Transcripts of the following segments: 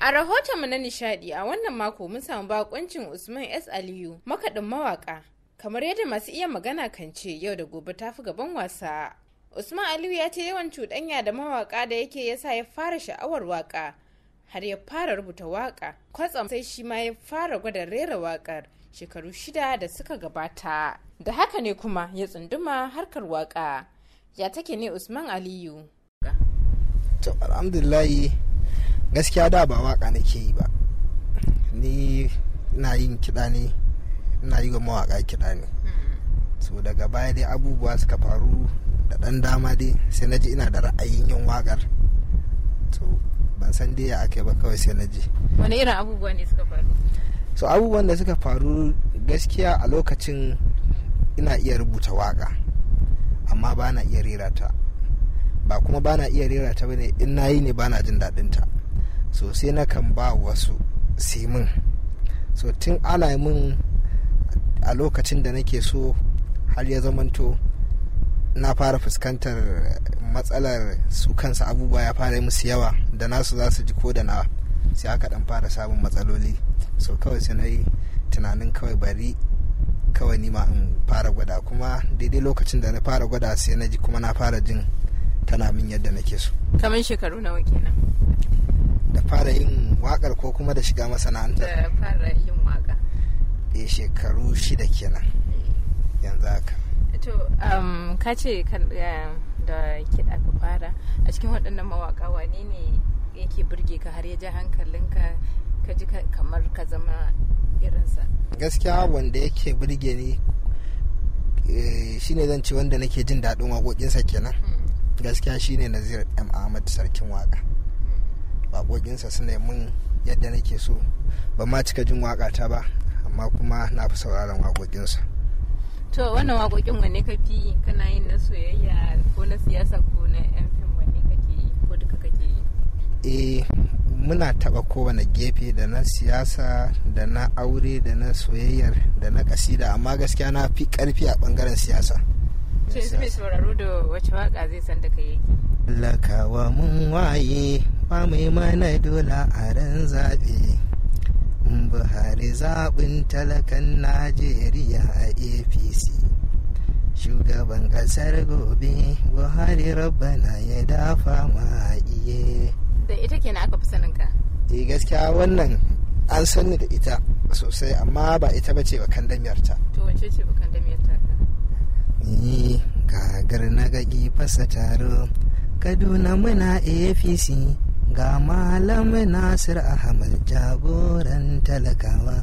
A rahotonmu na nishadi a wannan mako mun samu bakoncin Usman S. Aliyu makaɗin mawaka. Kamar yadda masu iya magana kan ce yau da gobe ta fi gaban wasa. Usman Aliyu ya ce yawan cuɗanya da mawaƙa da yake ya sa ya fara sha'awar waƙa. har ya fara rubuta waƙa, Kwatsam sai shi ma ya fara gwada rera waƙar shekaru shida da suka gabata. Da haka ne kuma ya tsunduma harkar waƙa. Ya take ne Usman Aliyu. To gaskiya da ba waka nake yi ba ni na yin kiɗa ne ina yi ga mawaka kiɗa ne mm. so daga baya dai abubuwa suka faru da ɗan dama dai sai na ji ina da ra'ayin yin wakar to ban san dai ya aka yi ba kawai sai na ji wani irin abubuwa ne suka faru so abubuwan da suka faru gaskiya a lokacin ina iya rubuta waka amma ba na iya rera ta ba kuma ba na iya rera ta bane in na yi ne ba na jin daɗinta so sai na kan ba wasu simin so tun ana min a lokacin da nake so har ya zamanto na fara fuskantar matsalar su kansa abubuwa ya fara musu yawa da nasu za su ji ko da na sai aka dan fara sabon matsaloli so kawai sai na yi tunanin kawai bari kawai nima in fara gwada kuma daidai lokacin da na fara gwada sai na ji kuma na fara jin tana min yadda nake so kamar shekaru nawa kenan da fara yin wakar ko kuma da shiga masana'anta da fara yin waka da eh, shekaru shida kenan eh. yanzu haka to um, ka ce da kiɗa ka fara a cikin waɗannan mawaka wane ne yake burge ka har ya ji hankalinka ka ji kamar ka zama irinsa gaskiya wanda yake burge ni eh, shine zan ci wanda nake jin daɗin waƙoƙinsa kenan hmm. gaskiya shine nazir m ahmad sarkin waka waƙoƙinsa suna mun yadda nake so ba ma cika jin waƙata ba amma kuma na fi sauraron waƙoƙinsa to wannan waƙoƙin wanne ka fi kana yin na soyayya ko na siyasa ko na yan fim kake yi ko duka kake yi eh muna taɓa kowane gefe da na siyasa da na aure da na soyayyar da na kasida amma gaskiya na fi karfi a ɓangaren siyasa to yanzu mai sauraro da wace waka zai san da kai yake lakawa mun waye mai mana dola a ran zaɓe buhari zaɓin talakan najeriya a apc shugaban ƙasar gobe buhari rabbana ya dafa ma iye da ita kenan aka fi saninka eh gaskiya wannan an sani da ita sosai amma ba ita ba ce bakan ta to wace ce bakan damiyarta ka ni gagar na gagi fasa taro kaduna muna apc ga malam nasir ahmad jagoran talakawa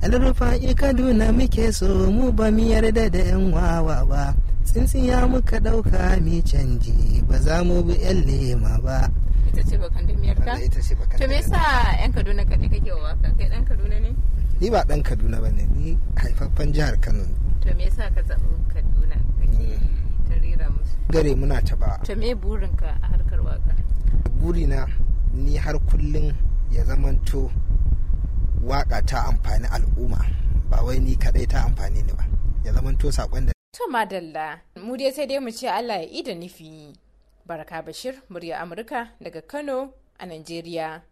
alrufa'i kaduna muke so mu ba mu yarda da yan wawa ba tsintsiya muka ɗauka mi canji ba za mu bi yan lema ba ita ce bakan dumiyarta? ita to me yasa yan kaduna kaɗai kake wa waka kai ɗan kaduna ne ni ba dan kaduna ba ne ni haifaffen jihar kano ne to me yasa ka zaɓi kaduna kake mm. ta rera musu gare muna ta ba to me burinka a harkar waka burina ni har kullum ya zamanto waka ta amfani al'umma ba wai ni kadai ta amfani ni ba ya zamanto sakon da to madalla mu dai sai dai mu ce Allah ya ida nufi baraka bashir murya amurka daga kano a nigeria.